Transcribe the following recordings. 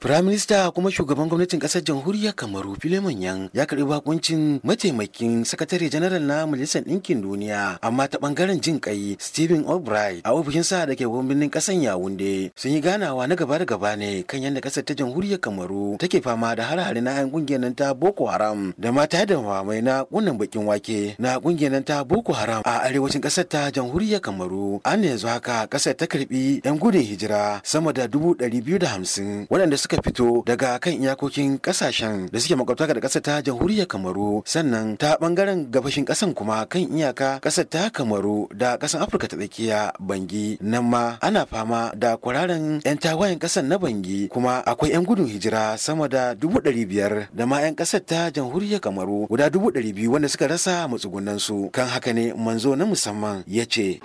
Firaminista kuma shugaban gwamnatin kasar jamhuriyar Kamaru Filemon Yan ya karbi bakuncin mataimakin sakatare janaral na Majalisar Ɗinkin Duniya amma ta bangaren jin kai Stephen Albright a ofishin ofishinsa da ke gwamnatin kasar Yawunde sun yi ganawa na gaba da gaba ne kan yadda kasar ta jamhuriyar Kamaru take fama da harhare na 'yan ƙungiyar nan ta Boko Haram da mata da mai na kunnan bakin wake na ƙungiyar nan ta Boko Haram a arewacin kasar ta jamhuriyar Kamaru an yanzu haka kasar ta karbi 'yan gudun hijira sama da 250 waɗanda suka suka fito daga kan iyakokin kasashen da suke makwabta da kasar ta jamhuriyar kamaru sannan ta bangaren gabashin kasan kuma kan iyaka kasar ta kamaru da kasan afirka ta tsakiya bangi nan ma ana fama da kwararen 'yan tawayen kasan na bangi kuma akwai 'yan gudun hijira sama da dubu ɗari biyar da ma 'yan kasar ta jamhuriyar kamaru guda dubu ɗari biyu wanda suka rasa matsugunan su, kan haka ne manzo na musamman ya ce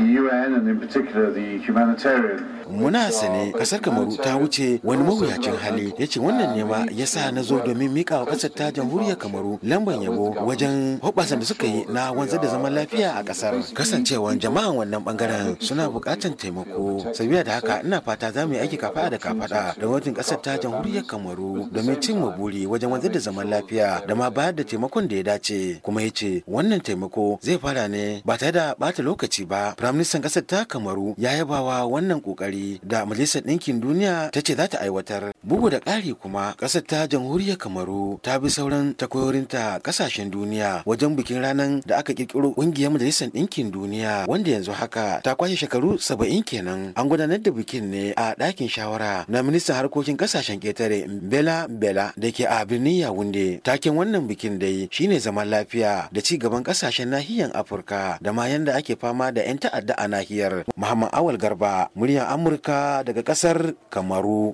muna sane kasar kamaru ta wuce wani mawuyacin hali Sale ya ce wannan nema ya sa na zo domin mika wa ƙasar ta jamhuriyar Kamaru lamban yabo wajen hoɓasan da suka yi na wanzar da zaman lafiya a ƙasar. Kasancewar jama'an wannan ɓangaren suna buƙatar taimako. Sabiya da haka ina fata za mu yi aiki kafa da kafaɗa da gwamnatin ƙasar ta jamhuriyar Kamaru domin cin buri wajen wanzar da zaman lafiya da ma bayar da taimakon da ya dace. Kuma ya ce wannan taimako zai fara ne ba tare da bata lokaci ba. Firaministan ƙasar ta Kamaru ya yabawa wannan ƙoƙari da Majalisar Ɗinkin Duniya ta ce za ta aiwatar. Bugu bugu da ƙari kuma ƙasar ta jamhuriyar kamaru ta bi sauran takwayorinta ƙasashen duniya wajen bikin ranar da aka ƙirƙiro ƙungiyar majalisar ɗinkin duniya wanda yanzu haka ta kwashe shekaru saba'in kenan an gudanar da bikin ne a ɗakin shawara na ministan harkokin ƙasashen ƙetare bela bela da ke a birnin yawunde taken wannan bikin dai shine zaman lafiya da ci gaban ƙasashen nahiyar afirka da ma yanda ake fama da 'yan ta'adda a nahiyar muhammad awal garba muryar amurka daga ƙasar kamaru